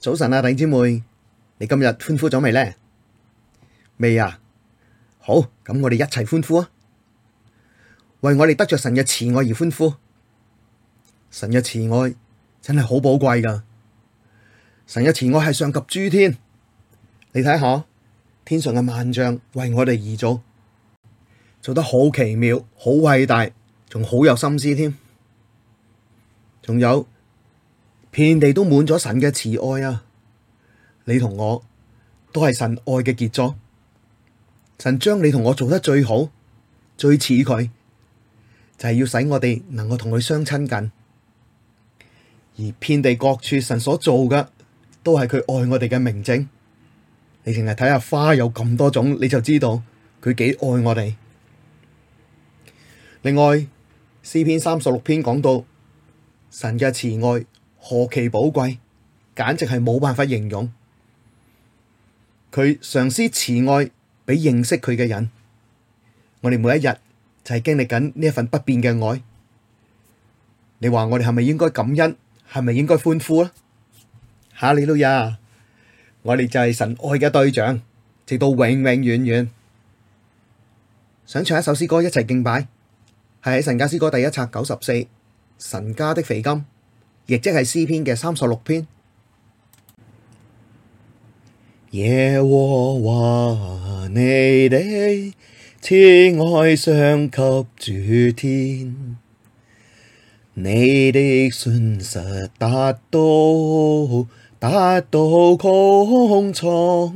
早晨啊，弟兄姊妹，你今日歡呼咗未呢？未啊，好，咁我哋一齊歡呼啊！為我哋得着神嘅慈愛而歡呼，神嘅慈愛真係好寶貴㗎。神嘅慈愛係上及諸天，你睇下天上嘅萬象為我哋而造，做得好奇妙，好偉大，仲好有心思添，仲有。遍地都滿咗神嘅慈愛啊！你同我都係神愛嘅傑作，神將你同我做得最好、最似佢，就係要使我哋能夠同佢相親近。而遍地各處神所做嘅，都係佢愛我哋嘅明證。你淨係睇下花有咁多種，你就知道佢幾愛我哋。另外，詩篇三十六篇講到神嘅慈愛。何其寶貴，簡直係冇辦法形容。佢常施慈愛俾認識佢嘅人，我哋每一日就係經歷緊呢一份不變嘅愛。你話我哋係咪應該感恩？係咪應該歡呼啊？哈利路亞！我哋就係神愛嘅對象，直到永永遠遠。想唱一首詩歌，一齊敬拜，係喺神家詩歌第一冊九十四《神家的肥甘》。亦即係詩篇嘅三十六篇。耶和華你的慈愛上及諸天，你的信實達到達到穹蒼，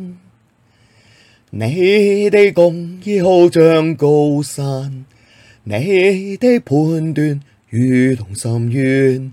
你的公義好像高山，你的判斷如同深淵。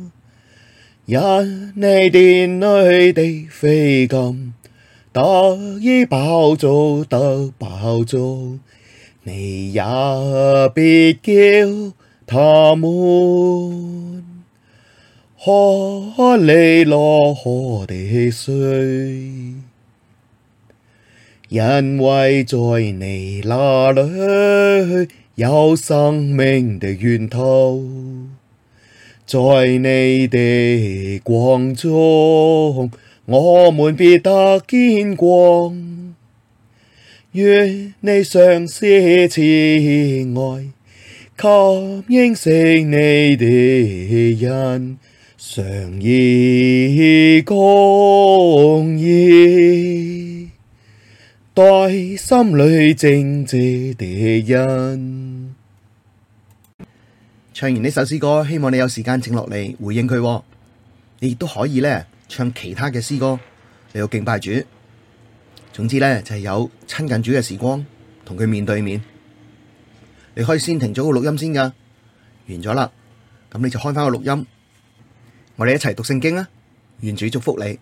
因你殿裡的肥甘，得以飽足，得飽足，你也必叫他們喝你樂河的水，因為在你那裡有生命的源頭。在你的光中，我們必得見光。願你常施慈愛，給認識你的人常以公義，待心裡正直的人。唱完呢首詩歌，希望你有時間靜落嚟回應佢，哦。你亦都可以咧唱其他嘅詩歌嚟要敬拜主。總之咧就係、是、有親近主嘅時光，同佢面對面。你可以先停咗個錄音先噶，完咗啦，咁你就開翻個錄音。我哋一齊讀聖經啊！願主祝福你。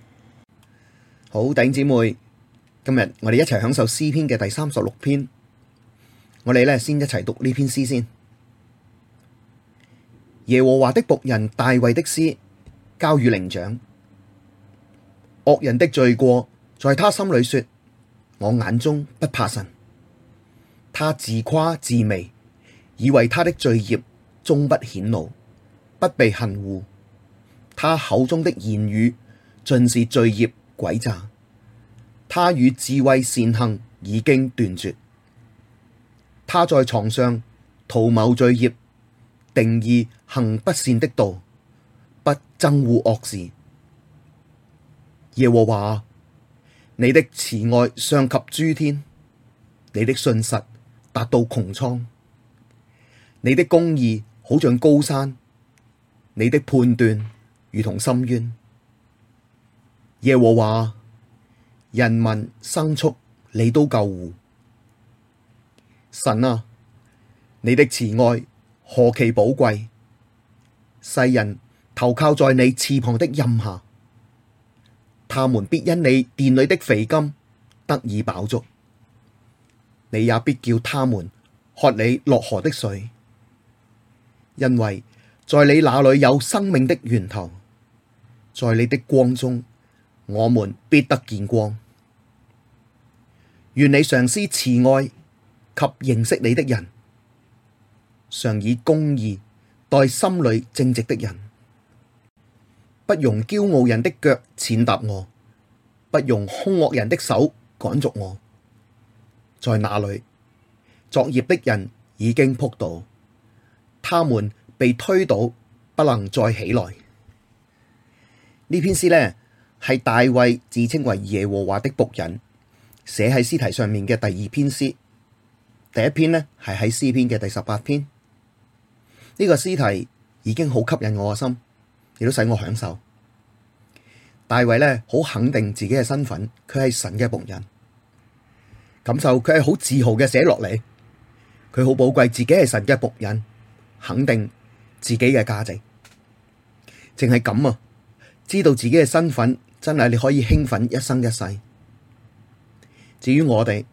好，弟兄姐妹，今日我哋一齊享受詩篇嘅第三十六篇。我哋咧先一齊讀呢篇詩先。耶和華的僕人大衛的詩，交與伶長。惡人的罪過在他心裡說：我眼中不怕神，他自誇自媚，以為他的罪孽終不顯露，不被恨惡。他口中的言語盡是罪孽詭詐，他與智慧善行已經斷絕。他在床上圖謀罪孽。定意行不善的道，不憎惡惡事。耶和華，你的慈愛上及諸天，你的信實達到穹蒼，你的公義好像高山，你的判斷如同深淵。耶和華，人民牲畜你都救護。神啊，你的慈愛何其寶貴！世人投靠在你翅膀的蔭下，他們必因你殿裡的肥甘得以飽足。你也必叫他們喝你樂河的水，因為在你那裡有生命的源頭，在你的光中，我們必得見光。願你常施慈愛給認識你的人。常以公義待心裡正直的人，不容驕傲人的腳踐踏我，不容凶惡人的手趕逐我。在那裡作孽的人已經仆倒，他們被推倒，不能再起來。呢篇詩呢，係大衛自稱為耶和華的僕人寫喺詩題上面嘅第二篇詩，第一篇呢，係喺詩篇嘅第十八篇。呢個詩題已經好吸引我嘅心，亦都使我享受。大衛呢，好肯定自己嘅身份，佢係神嘅僕人，感受佢係好自豪嘅寫落嚟。佢好寶貴自己係神嘅僕人，肯定自己嘅價值。淨係咁啊！知道自己嘅身份，真係你可以興奮一生一世。至於我哋，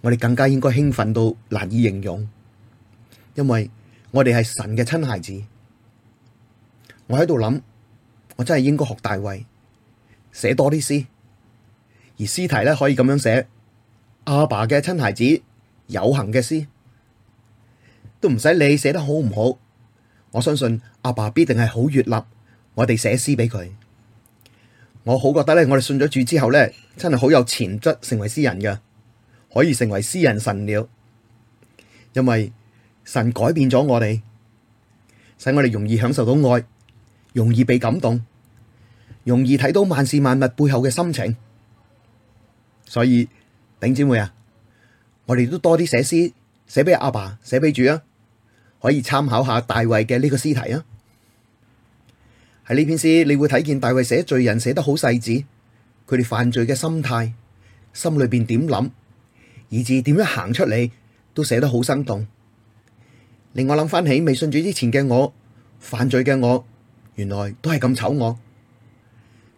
我哋更加應該興奮到難以形容，因為。我哋係神嘅親孩子，我喺度諗，我真係應該學大衛寫多啲詩，而詩題咧可以咁樣寫：阿爸嘅親孩子，有行嘅詩，都唔使你寫得好唔好，我相信阿爸，爸必定係好悅納。我哋寫詩俾佢。我好覺得咧，我哋信咗主之後咧，真係好有潛質成為詩人嘅，可以成為詩人神了，因為。神改變咗我哋，使我哋容易享受到愛，容易被感動，容易睇到萬事萬物背後嘅心情。所以頂姊妹啊，我哋都多啲寫詩寫俾阿爸寫俾主啊，可以參考下大衛嘅呢個詩題啊。喺呢篇詩你會睇見大衛寫罪人寫得好細緻，佢哋犯罪嘅心態，心裏邊點諗，以至點樣行出嚟都寫得好生動。令我諗翻起未信主之前嘅我，犯罪嘅我，原來都係咁醜惡，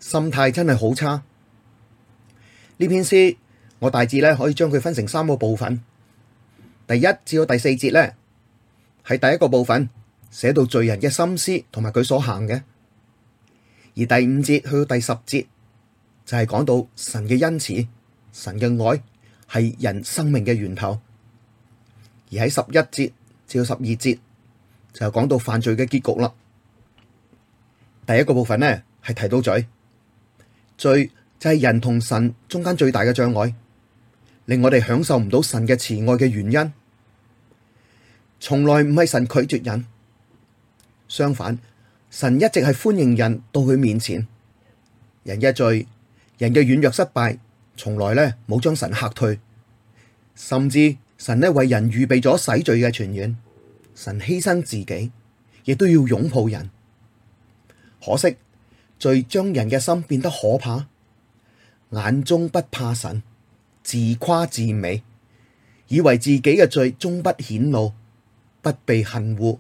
心態真係好差。呢篇詩我大致咧可以將佢分成三個部分，第一至到第四節咧係第一個部分，寫到罪人嘅心思同埋佢所行嘅；而第五節去到第十節就係、是、講到神嘅恩慈，神嘅愛係人生命嘅源頭，而喺十一節。至到十二節就講到犯罪嘅結局啦。第一個部分呢，係提到罪，罪就係人同神中間最大嘅障礙，令我哋享受唔到神嘅慈愛嘅原因。從來唔係神拒絕人，相反神一直係歡迎人到佢面前。人一罪、人嘅軟弱、失敗，從來呢冇將神嚇退，甚至神呢為人預備咗洗罪嘅泉源。神犧牲自己，亦都要擁抱人。可惜罪將人嘅心變得可怕，眼中不怕神，自誇自媚，以為自己嘅罪終不顯露，不被恨惡。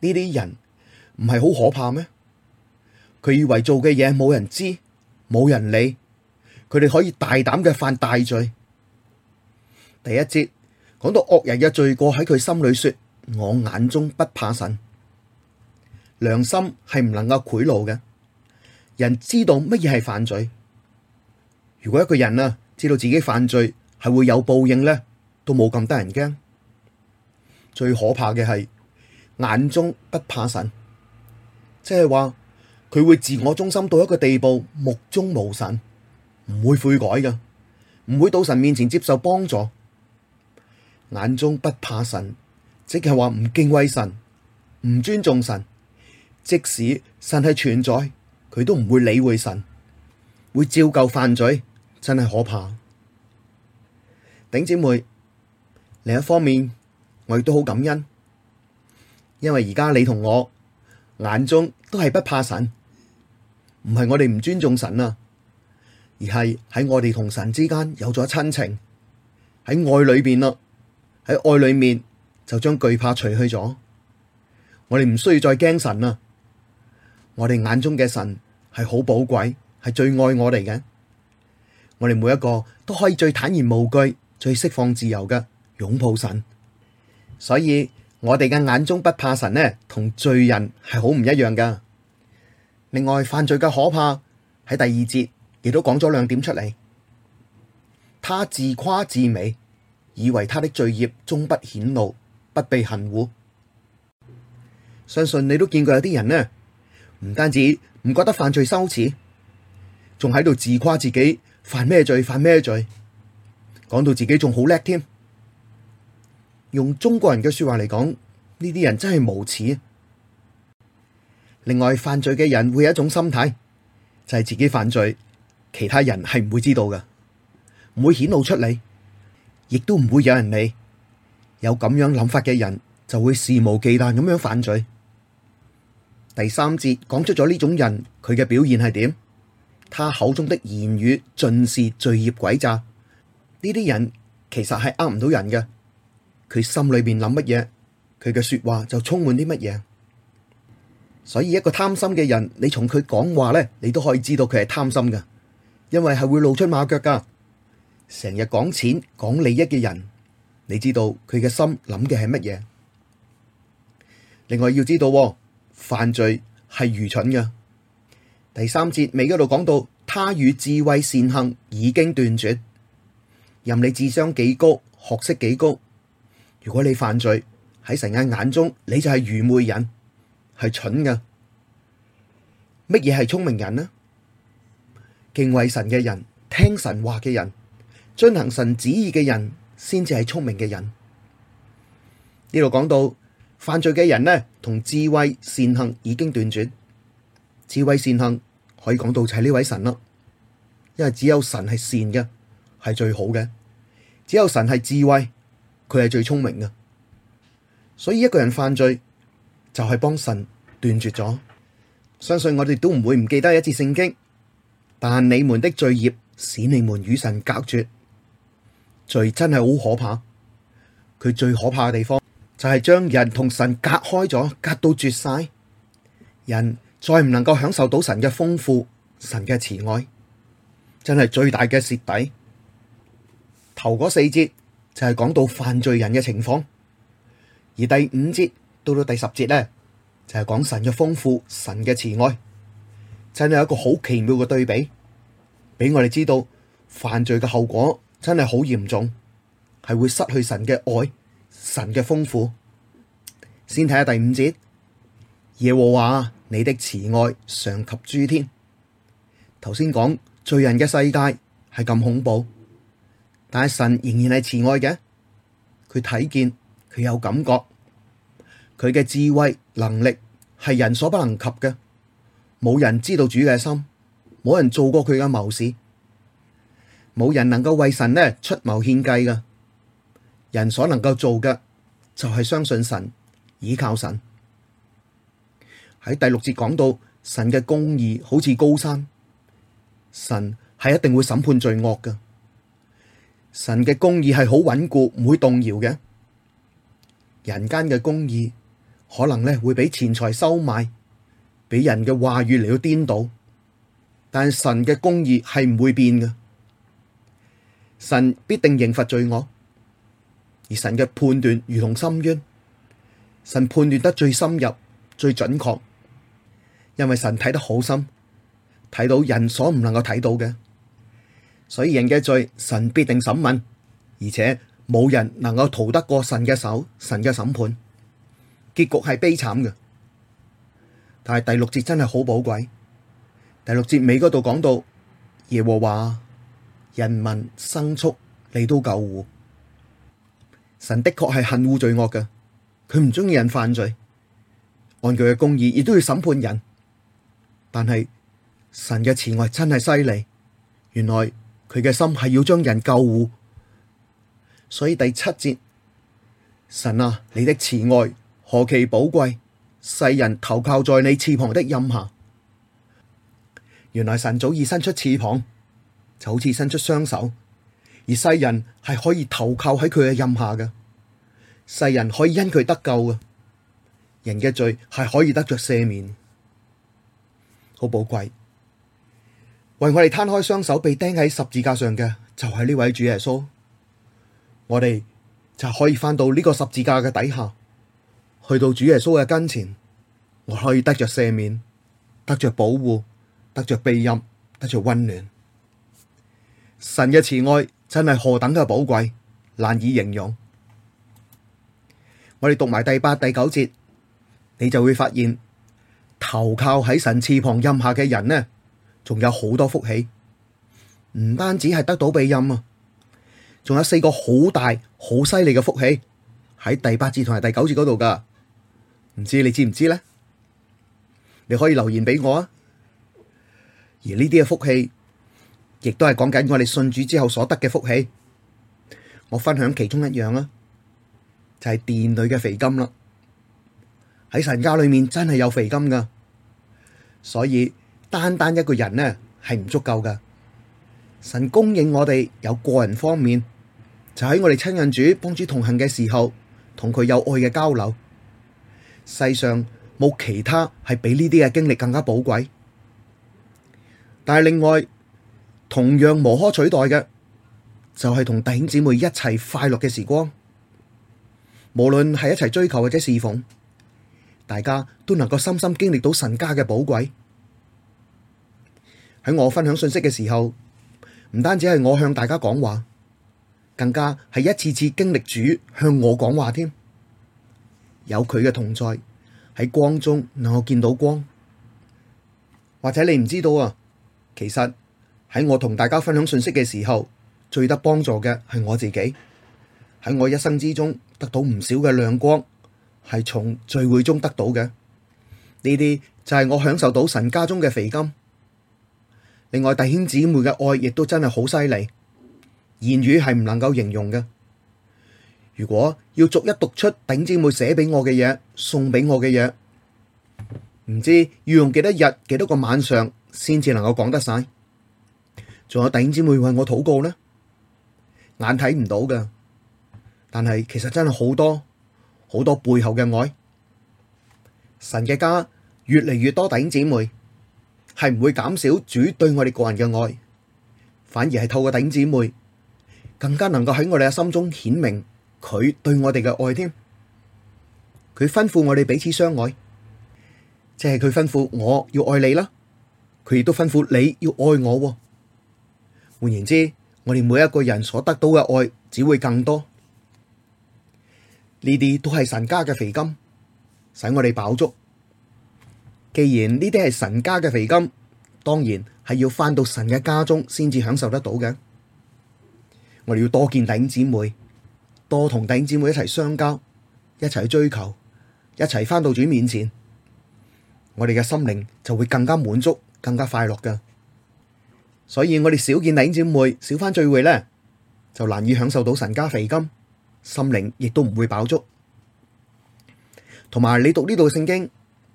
呢啲人唔係好可怕咩？佢以為做嘅嘢冇人知，冇人理，佢哋可以大膽嘅犯大罪。第一節講到惡人嘅罪過喺佢心裡說。我眼中不怕神，良心係唔能夠賄賂嘅。人知道乜嘢係犯罪。如果一個人啊知道自己犯罪係會有報應呢，都冇咁得人驚。最可怕嘅係眼中不怕神，即係話佢會自我中心到一個地步，目中無神，唔會悔改㗎，唔會到神面前接受幫助。眼中不怕神。即係話唔敬畏神，唔尊重神，即使神係存在，佢都唔會理會神，會照舊犯罪，真係可怕。頂姐妹，另一方面，我亦都好感恩，因為而家你同我眼中都係不怕神，唔係我哋唔尊重神啦，而係喺我哋同神之間有咗親情，喺愛裏邊啦，喺愛裏面。就將懼怕除去咗，我哋唔需要再驚神啦。我哋眼中嘅神係好寶貴，係最愛我哋嘅。我哋每一個都可以最坦然無懼、最釋放自由嘅擁抱神。所以，我哋嘅眼中不怕神呢，同罪人係好唔一樣噶。另外，犯罪嘅可怕喺第二節亦都講咗兩點出嚟他自誇自媚，以為他的罪孽終不顯露。不被恨惡，相信你都見過有啲人呢，唔單止唔覺得犯罪羞恥，仲喺度自誇自己犯咩罪，犯咩罪，講到自己仲好叻添。用中國人嘅說話嚟講，呢啲人真係無恥。另外，犯罪嘅人會有一種心態，就係自己犯罪，其他人係唔會知道噶，唔會顯露出嚟，亦都唔會有人理。有咁樣諗法嘅人就會肆無忌憚咁樣犯罪。第三節講出咗呢種人佢嘅表現係點？他口中的言語盡是罪孽詭詐。呢啲人其實係呃唔到人嘅。佢心裏面諗乜嘢，佢嘅說話就充滿啲乜嘢。所以一個貪心嘅人，你從佢講話呢，你都可以知道佢係貪心噶因為係會露出馬腳噶成日講錢講利益嘅人，你知道佢嘅心諗嘅係乜嘢。另外要知道，哦，犯罪係愚蠢嘅。第三節尾嗰度講到，他與智慧善行已經斷絕。任你智商幾高，學識幾高，如果你犯罪，喺神眼眼中你就係愚昧人，係蠢嘅。乜嘢係聰明人呢？敬畏神嘅人，聽神話嘅人，遵行神旨意嘅人。先至係聰明嘅人。呢度講到犯罪嘅人呢，同智慧善行已經斷絕。智慧善行可以講到就係呢位神啦，因為只有神係善嘅，係最好嘅。只有神係智慧，佢係最聰明嘅。所以一個人犯罪，就係幫神斷絕咗。相信我哋都唔會唔記得一節聖經，但你們的罪孽使你們與神隔絕。罪真係好可怕，佢最可怕嘅地方就係將人同神隔開咗，隔到絕晒，人再唔能夠享受到神嘅豐富、神嘅慈愛，真係最大嘅蝕底。頭嗰四節就係講到犯罪人嘅情況，而第五節到到第十節呢，就係講神嘅豐富、神嘅慈愛，真係一個好奇妙嘅對比，俾我哋知道犯罪嘅後果。真係好嚴重，係會失去神嘅愛，神嘅豐富。先睇下第五節，耶和華你的慈愛上及諸天。頭先講罪人嘅世界係咁恐怖，但係神仍然係慈愛嘅。佢睇見，佢有感覺，佢嘅智慧能力係人所不能及嘅。冇人知道主嘅心，冇人做過佢嘅謀士。冇人能夠為神呢出謀獻計噶人所能夠做嘅就係相信神，依靠神。喺第六節講到神嘅公義好似高山，神係一定會審判罪惡噶。神嘅公義係好穩固，唔會動搖嘅。人間嘅公義可能呢會俾錢財收買，俾人嘅話語嚟到顛倒，但神嘅公義係唔會變噶。神必定刑罰罪惡，而神嘅判斷如同深淵。神判斷得最深入、最準確，因為神睇得好深，睇到人所唔能夠睇到嘅。所以人嘅罪，神必定審問，而且冇人能夠逃得過神嘅手、神嘅審判。結局係悲慘嘅，但係第六節真係好寶貴。第六節尾嗰度講到耶和華。人民牲畜你都救護，神的確係恨惡罪惡嘅，佢唔中意人犯罪，按佢嘅公義亦都要審判人。但係神嘅慈愛真係犀利，原來佢嘅心係要將人救護，所以第七節，神啊，你的慈愛何其寶貴，世人投靠在你翅膀的蔭下。原來神早已伸出翅膀。就好似伸出雙手，而世人係可以投靠喺佢嘅蔭下嘅，世人可以因佢得救嘅，人嘅罪係可以得着赦免，好寶貴。為我哋攤開雙手被釘喺十字架上嘅就係呢位主耶穌，我哋就可以翻到呢個十字架嘅底下，去到主耶穌嘅跟前，我可以得着赦免，得着保護，得着庇蔭，得着溫暖。神嘅慈愛真係何等嘅寶貴，難以形容。我哋讀埋第八、第九節，你就會發現投靠喺神翅膀蔭下嘅人呢，仲有好多福氣。唔單止係得到庇蔭啊，仲有四個好大、好犀利嘅福氣喺第八節同埋第九節嗰度噶。唔知你知唔知咧？你可以留言俾我啊。而呢啲嘅福氣。亦都係講緊我哋信主之後所得嘅福氣，我分享其中一樣啦，就係殿裡嘅肥甘啦。喺神家裡面真係有肥甘噶，所以單單一個人呢係唔足夠噶。神供應我哋有個人方面，就喺我哋親近主、幫主同行嘅時候，同佢有愛嘅交流。世上冇其他係比呢啲嘅經歷更加寶貴，但係另外。同樣無可取代嘅，就係同弟兄姊妹一齊快樂嘅時光，無論係一齊追求或者侍奉，大家都能夠深深經歷到神家嘅寶貴。喺我分享信息嘅時候，唔單止係我向大家講話，更加係一次次經歷主向我講話添。有佢嘅同在，喺光中能夠見到光，或者你唔知道啊，其實。喺我同大家分享信息嘅時候，最得幫助嘅係我自己。喺我一生之中得到唔少嘅亮光，係從聚會中得到嘅。呢啲就係我享受到神家中嘅肥甘。另外弟兄姊妹嘅愛亦都真係好犀利，言語係唔能夠形容嘅。如果要逐一讀出頂姊妹寫俾我嘅嘢、送俾我嘅嘢，唔知要用幾多日、幾多個晚上先至能夠講得晒。仲有弟兄姊妹為我禱告呢，眼睇唔到噶，但係其實真係好多好多背後嘅愛。神嘅家越嚟越多弟兄姊妹，係唔會減少主對我哋個人嘅愛，反而係透過弟兄姊妹，更加能夠喺我哋嘅心中顯明佢對我哋嘅愛添。佢吩咐我哋彼此相愛，即係佢吩咐我要愛你啦，佢亦都吩咐你要愛我。換言之，我哋每一個人所得到嘅愛只會更多。呢啲都係神家嘅肥甘，使我哋飽足。既然呢啲係神家嘅肥甘，當然係要翻到神嘅家中先至享受得到嘅。我哋要多見弟兄姊妹，多同弟兄姊妹一齊相交，一齊追求，一齊翻到主面前，我哋嘅心靈就會更加滿足，更加快樂嘅。所以我哋少見弟兄姐妹，少返聚會呢，就難以享受到神家肥甘，心靈亦都唔會飽足。同埋你讀呢度聖經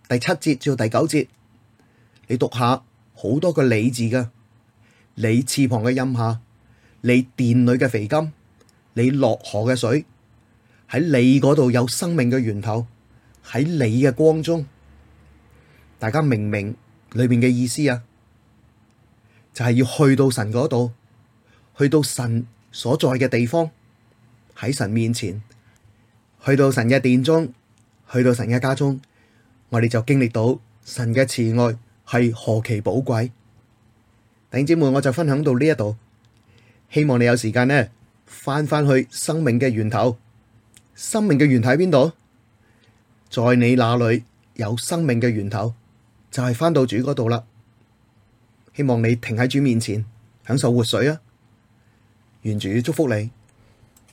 第七節至到第九節，你讀下好多個你字嘅，你翅膀嘅蔭下，你殿裏嘅肥甘，你樂河嘅水，喺你嗰度有生命嘅源頭，喺你嘅光中，大家明唔明裏邊嘅意思啊？就係要去到神嗰度，去到神所在嘅地方，喺神面前，去到神嘅殿中，去到神嘅家中，我哋就經歷到神嘅慈愛係何其寶貴。弟兄姊妹，我就分享到呢一度，希望你有時間呢，翻翻去生命嘅源頭，生命嘅源頭喺邊度？在你那裡有生命嘅源頭，就係翻到主嗰度啦。希望你停喺主面前，享受活水啊！願主祝福你。